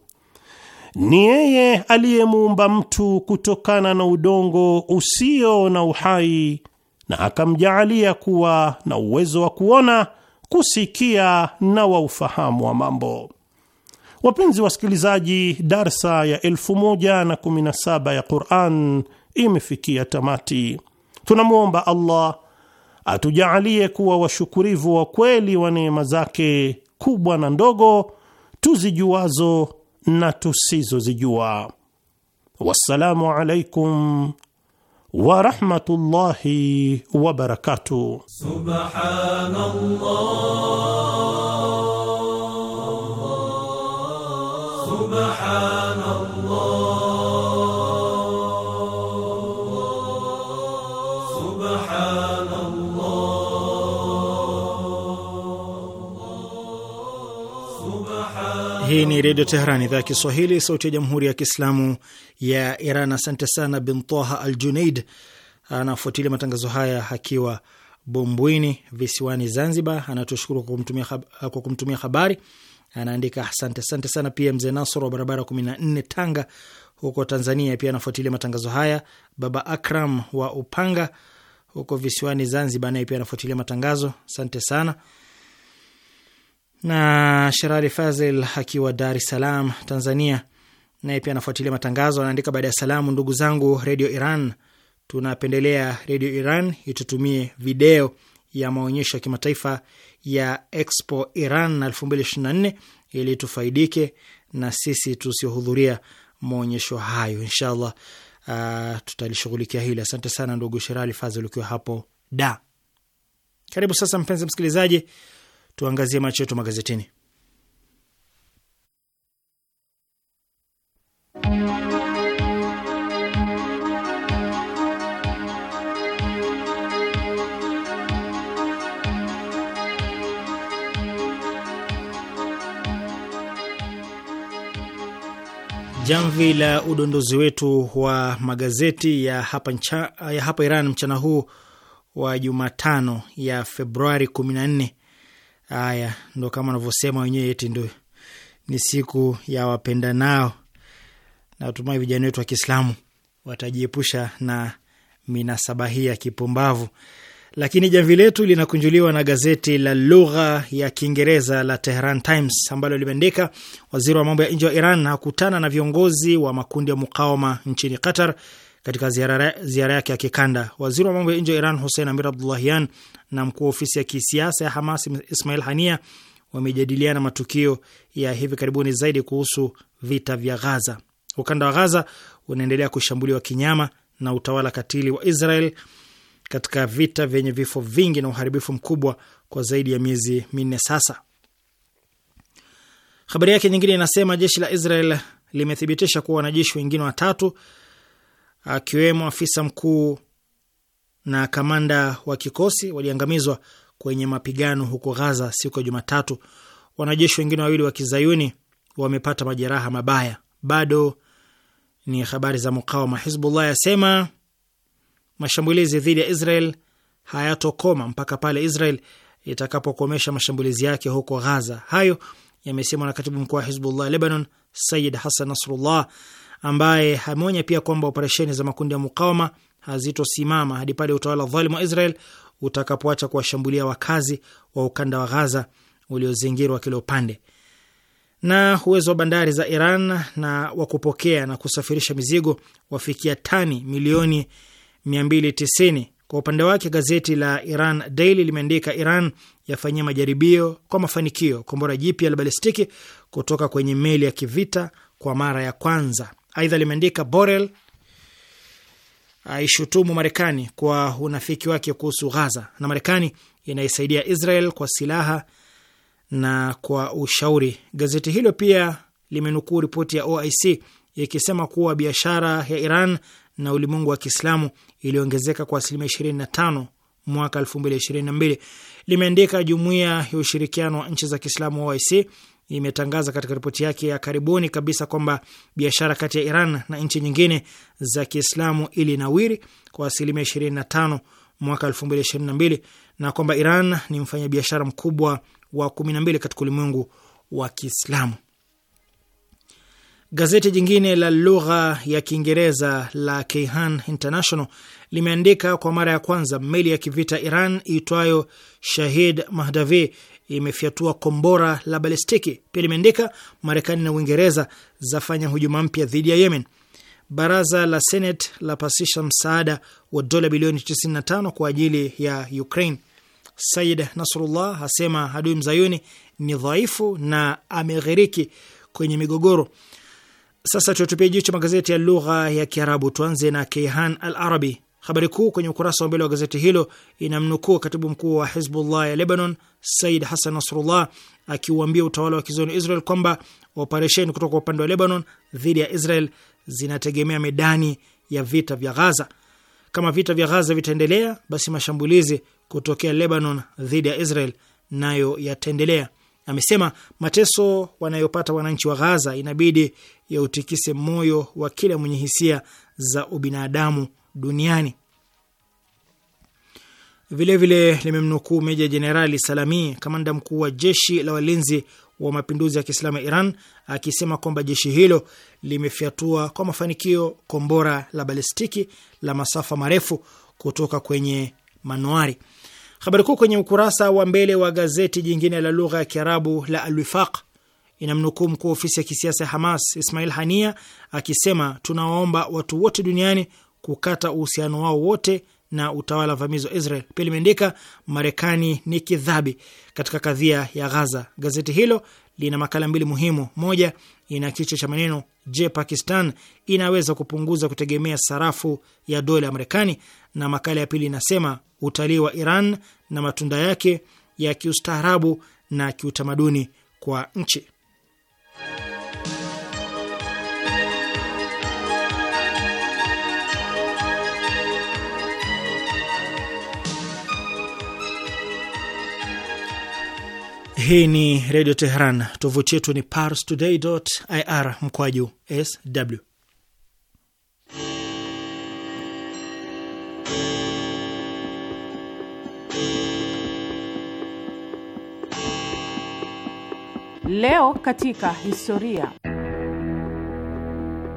Ni yeye aliyemuumba mtu kutokana na udongo usio na uhai na akamjaalia kuwa na uwezo wa kuona, kusikia na wa ufahamu wa mambo. Wapenzi wasikilizaji, darsa ya 117 ya Quran imefikia tamati. Tunamwomba Allah atujaalie kuwa washukurivu wa kweli wa neema zake kubwa na ndogo tuzijuazo na tusizozijua. Wassalamu alaikum wa rahmatullahi Subhanallah. Hii ni Redio Tehran, idhaa ya Kiswahili, sauti ya Jamhuri ya Kiislamu ya Iran. Asante sana bintoha Al Junaid anafuatilia matangazo haya akiwa Bumbwini visiwani Zanzibar. Anatushukuru kwa kumtumia habari, anaandika asante. Asante sana pia mzee Nasoro wa barabara nne Tanga huko Tanzania, pia anafuatilia matangazo haya. Baba Akram wa Upanga huko visiwani Zanzibar naye pia anafuatilia matangazo, asante sana na Sherali Fazil akiwa Dar es Salaam, Tanzania, naye pia anafuatilia matangazo. Anaandika, baada ya salamu, ndugu zangu Redio Iran, tunapendelea Redio Iran itutumie video ya maonyesho ya kimataifa ya Expo Iran 2024 ili tufaidike na sisi tusiohudhuria maonyesho hayo. Inshallah uh, tutalishughulikia hili. Asante sana ndugu Sherali Fazil ukiwa hapo da. Karibu sasa, mpenzi msikilizaji Tuangazie macho yetu magazetini. Jamvi la udondozi wetu wa magazeti ya hapa, ncha, ya hapa Iran mchana huu wa Jumatano ya Februari Haya ndo kama anavyosema wenyewe, eti ndo ni siku ya wapenda nao. Natumai vijana wetu wa Kiislamu watajiepusha na minasaba hii ya kipumbavu. Lakini jamvi letu linakunjuliwa na gazeti la lugha ya Kiingereza la Tehran Times ambalo limeandika waziri wa mambo ya nje wa Iran hakutana na viongozi wa makundi ya mukawama nchini Qatar katika ziara yake ya kikanda. Waziri wa mambo ya nje wa Iran Hussein Amir Abdullahian na mkuu wa ofisi ya kisiasa ya Hamas Ismail Hania wamejadiliana matukio ya hivi karibuni zaidi kuhusu vita vya Ghaza. Ukanda wa Ghaza unaendelea kushambuliwa kinyama na utawala katili wa Israel katika vita vyenye vifo vingi na uharibifu mkubwa kwa zaidi ya miezi minne sasa. Habari yake nyingine inasema jeshi la Israel limethibitisha kuwa wanajeshi wengine watatu akiwemo afisa mkuu na kamanda wa kikosi waliangamizwa kwenye mapigano huko Ghaza siku ya Jumatatu. Wanajeshi wengine wawili wa kizayuni wamepata majeraha mabaya. Bado ni habari za mukawama. Hizbullah yasema mashambulizi dhidi ya Israel hayatokoma mpaka pale Israel itakapokomesha mashambulizi yake huko Ghaza. Hayo yamesemwa na katibu mkuu wa Hizbullah Lebanon, Sayid Hassan Nasrullah, ambaye ameonya pia kwamba operesheni za makundi ya mukawama hazitosimama hadi pale utawala dhalimu wa Israel utakapoacha kuwashambulia wakazi wa ukanda wa Ghaza uliozingirwa kila upande. Na uwezo wa bandari za Iran na wa kupokea na kusafirisha mizigo wafikia tani milioni 290. Kwa upande wake gazeti la Iran Daily limeandika Iran yafanyia majaribio kwa mafanikio kombora jipya la balistiki kutoka kwenye meli ya kivita kwa mara ya kwanza. Aidha limeandika Borel aishutumu Marekani kwa unafiki wake kuhusu Ghaza na Marekani inaisaidia Israel kwa silaha na kwa ushauri. Gazeti hilo pia limenukuu ripoti ya OIC ikisema kuwa biashara ya Iran na ulimwengu wa Kiislamu iliongezeka kwa asilimia 25 mwaka mbili. Limeandika jumuiya ya ushirikiano wa nchi za Kiislamu OIC imetangaza katika ripoti yake ya karibuni kabisa kwamba biashara kati ya Iran na nchi nyingine za Kiislamu ili nawiri kwa asilimia 25 mwaka 2022 na kwamba Iran ni mfanyabiashara mkubwa wa 12 katika ulimwengu wa Kiislamu. Gazeti jingine la lugha ya Kiingereza la Kayhan International limeandika kwa mara ya kwanza meli ya kivita Iran iitwayo Shahid Mahdavi imefyatua kombora la balistiki. Pia limeandika Marekani na Uingereza zafanya hujuma mpya dhidi ya Yemen. Baraza la Senate lapasisha msaada wa dola bilioni 95 kwa ajili ya Ukraine. Said Nasrullah asema adui mzayuni ni dhaifu na ameghiriki kwenye migogoro. Sasa tuatupia jicho magazeti ya lugha ya Kiarabu. Tuanze na Kayhan Al Arabi Habari kuu kwenye ukurasa wa mbele wa gazeti hilo inamnukuu katibu mkuu wa Hizbullah ya Lebanon, Said Hassan Nasrullah akiuambia utawala wa kizoni Israel kwamba operesheni kutoka upande wa Lebanon dhidi ya Israel zinategemea medani ya vita vya Ghaza. Kama vita vya Ghaza vitaendelea, basi mashambulizi kutokea Lebanon dhidi ya Israel nayo yataendelea. Amesema mateso wanayopata wananchi wa Ghaza inabidi yautikise moyo wa kila mwenye hisia za ubinadamu duniani. Vilevile limemnukuu Meja Jenerali Salami, kamanda mkuu wa jeshi la walinzi wa mapinduzi ya Kiislamu ya Iran akisema kwamba jeshi hilo limefyatua kwa mafanikio kombora la balistiki la masafa marefu kutoka kwenye manuari. Habari kuu kwenye ukurasa wa mbele wa gazeti jingine la lugha ya Kiarabu la Alwifaq inamnukuu mkuu wa ofisi ya kisiasa ya Hamas Ismail Hania akisema tunawaomba watu wote duniani kukata uhusiano wao wote na utawala vamizi wa Israel. Pia limeandika Marekani ni kidhabi katika kadhia ya Ghaza. Gazeti hilo lina makala mbili muhimu. Moja ina kichwa cha maneno Je, Pakistan inaweza kupunguza kutegemea sarafu ya dola ya Marekani? Na makala ya pili inasema utalii wa Iran na matunda yake ya kiustaarabu na kiutamaduni kwa nchi. Hii ni redio Tehran. Tovuti yetu ni parstoday.ir mkwaju sw. Leo katika historia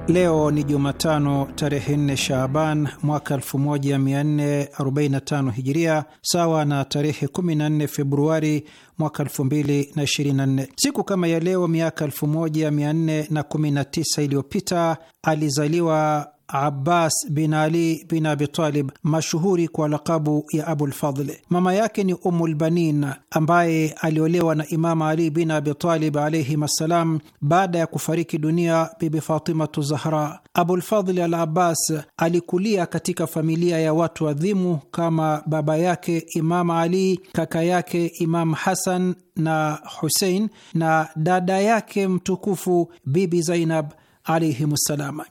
Leo ni Jumatano tarehe 4 Shaaban mwaka 1445 Hijiria, sawa na tarehe 14 Februari mwaka 2024. Siku kama ya leo miaka 1419 iliyopita alizaliwa Abbas bin Ali bin Abitalib, mashuhuri kwa lakabu ya abulfadli Mama yake ni lbanin ambaye aliolewa na Imama Ali bin Abitalib alaihim assalam, baada ya kufariki dunia Bibi Fatimatu Zahra. Abulfadli al Abbas alikulia katika familia ya watu adhimu kama baba yake Imam Ali, kaka yake Imam Hasan na Husein, na dada yake mtukufu Bibi Zainab.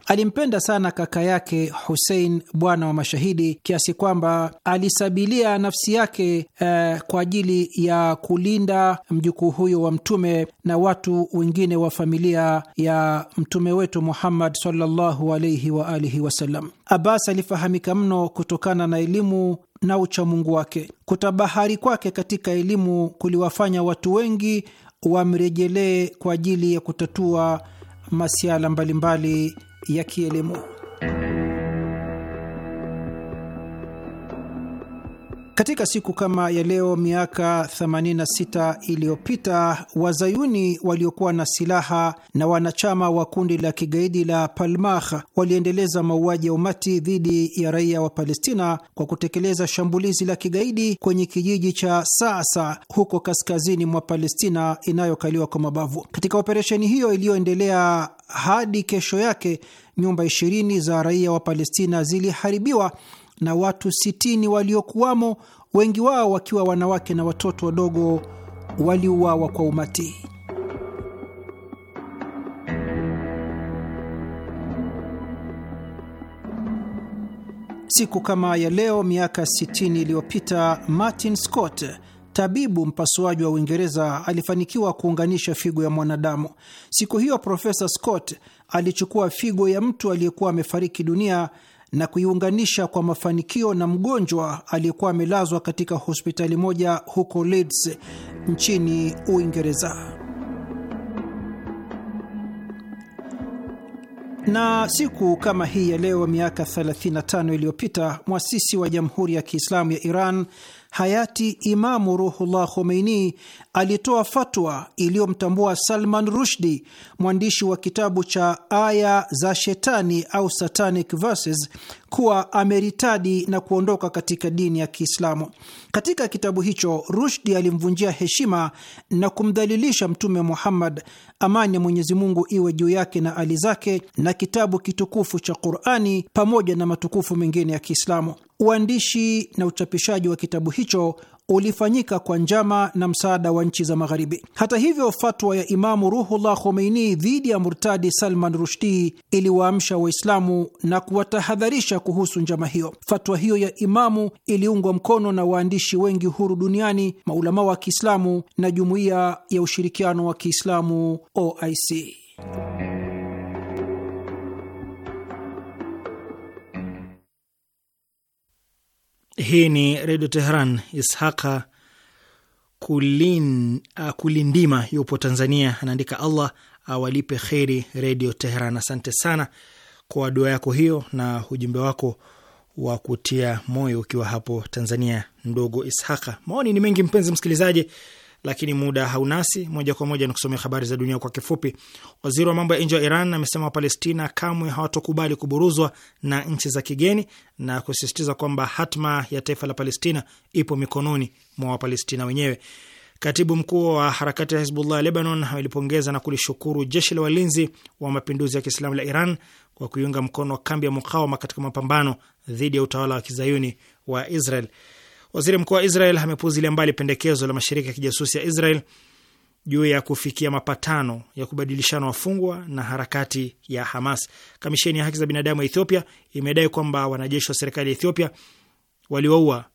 Alimpenda sana kaka yake Husein, bwana wa mashahidi, kiasi kwamba alisabilia nafsi yake eh, kwa ajili ya kulinda mjukuu huyo wa Mtume na watu wengine wa familia ya mtume wetu Muhammad sallallahu alaihi wasallam. Abbas alifahamika mno kutokana na elimu na uchamungu wake. Kutabahari kwake katika elimu kuliwafanya watu wengi wamrejelee kwa ajili ya kutatua masiala mbalimbali ya kielimu. Katika siku kama ya leo miaka 86 iliyopita wazayuni waliokuwa na silaha na wanachama wa kundi la kigaidi la Palmah waliendeleza mauaji ya umati dhidi ya raia wa Palestina kwa kutekeleza shambulizi la kigaidi kwenye kijiji cha Sasa huko kaskazini mwa Palestina inayokaliwa kwa mabavu. Katika operesheni hiyo iliyoendelea hadi kesho yake, nyumba ishirini za raia wa Palestina ziliharibiwa na watu 60 waliokuwamo, wengi wao wakiwa wanawake na watoto wadogo, waliuawa kwa umati. Siku kama ya leo miaka 60 iliyopita Martin Scott tabibu mpasuaji wa Uingereza alifanikiwa kuunganisha figo ya mwanadamu. Siku hiyo Profesa Scott alichukua figo ya mtu aliyekuwa amefariki dunia na kuiunganisha kwa mafanikio na mgonjwa aliyekuwa amelazwa katika hospitali moja huko Leeds nchini Uingereza. Na siku kama hii ya leo miaka 35 iliyopita, mwasisi wa Jamhuri ya Kiislamu ya Iran hayati Imamu Ruhullah Khomeini alitoa fatwa iliyomtambua Salman Rushdi, mwandishi wa kitabu cha Aya za Shetani au Satanic Verses, kuwa ameritadi na kuondoka katika dini ya Kiislamu. Katika kitabu hicho, Rushdi alimvunjia heshima na kumdhalilisha Mtume Muhammad, amani ya Mwenyezi Mungu iwe juu yake na ali zake, na kitabu kitukufu cha Qurani pamoja na matukufu mengine ya Kiislamu. Uandishi na uchapishaji wa kitabu hicho ulifanyika kwa njama na msaada wa nchi za Magharibi. Hata hivyo, fatwa ya Imamu Ruhullah Khomeini dhidi ya murtadi Salman Rushdi iliwaamsha Waislamu na kuwatahadharisha kuhusu njama hiyo. Fatwa hiyo ya Imamu iliungwa mkono na waandishi wengi huru duniani, maulama wa Kiislamu na Jumuiya ya Ushirikiano wa Kiislamu, OIC. Hii ni Redio Teheran. Ishaqa Kulin, uh, Kulindima yupo Tanzania, anaandika Allah awalipe kheri Redio Teheran. Asante sana kwa dua yako hiyo na ujumbe wako wa kutia moyo ukiwa hapo Tanzania, ndogo Ishaqa. Maoni ni mengi, mpenzi msikilizaji lakini muda haunasi. Moja kwa moja ni kusomea habari za dunia kwa kifupi. Waziri wa mambo ya nje wa Iran amesema Wapalestina kamwe hawatokubali kuburuzwa na nchi za kigeni na kusisitiza kwamba hatma ya taifa la Palestina ipo mikononi mwa Wapalestina wenyewe. Katibu mkuu wa harakati ya Hizbullah ya Lebanon amelipongeza na kulishukuru jeshi la walinzi wa mapinduzi ya Kiislamu la Iran kwa kuiunga mkono kambi ya mukawama katika mapambano dhidi ya utawala wa kizayuni wa Israel. Waziri mkuu wa Israel amepuzilia mbali pendekezo la mashirika ya kijasusi ya Israel juu ya kufikia mapatano ya kubadilishana wafungwa na harakati ya Hamas. Kamisheni ya haki za binadamu ya Ethiopia imedai kwamba wanajeshi wa serikali ya Ethiopia waliwaua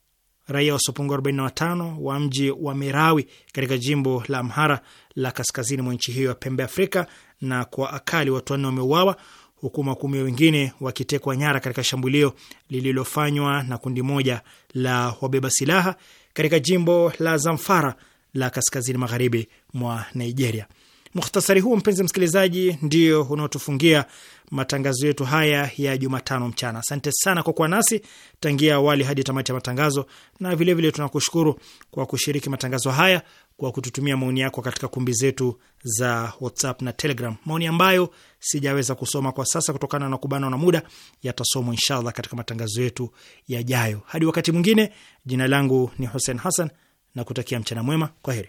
raia wasiopungua 45 wa mji wa Merawi katika jimbo la Amhara la kaskazini mwa nchi hiyo ya pembe Afrika, na kwa akali watu wanne wameuawa huku makumi wengine wakitekwa nyara katika shambulio lililofanywa na kundi moja la wabeba silaha katika jimbo la Zamfara la kaskazini magharibi mwa Nigeria. Mukhtasari huu mpenzi msikilizaji, ndio unaotufungia matangazo yetu haya ya Jumatano mchana. Asante sana kwa kuwa nasi tangia awali hadi tamati ya matangazo, na vilevile vile tunakushukuru kwa kushiriki matangazo haya kwa kututumia maoni yako katika kumbi zetu za WhatsApp na Telegram. Maoni ambayo sijaweza kusoma kwa sasa kutokana na kubanwa na muda yatasomwa inshallah katika matangazo yetu yajayo. Hadi wakati mwingine, jina langu ni Hussein Hassan na kutakia mchana mwema. Kwa heri.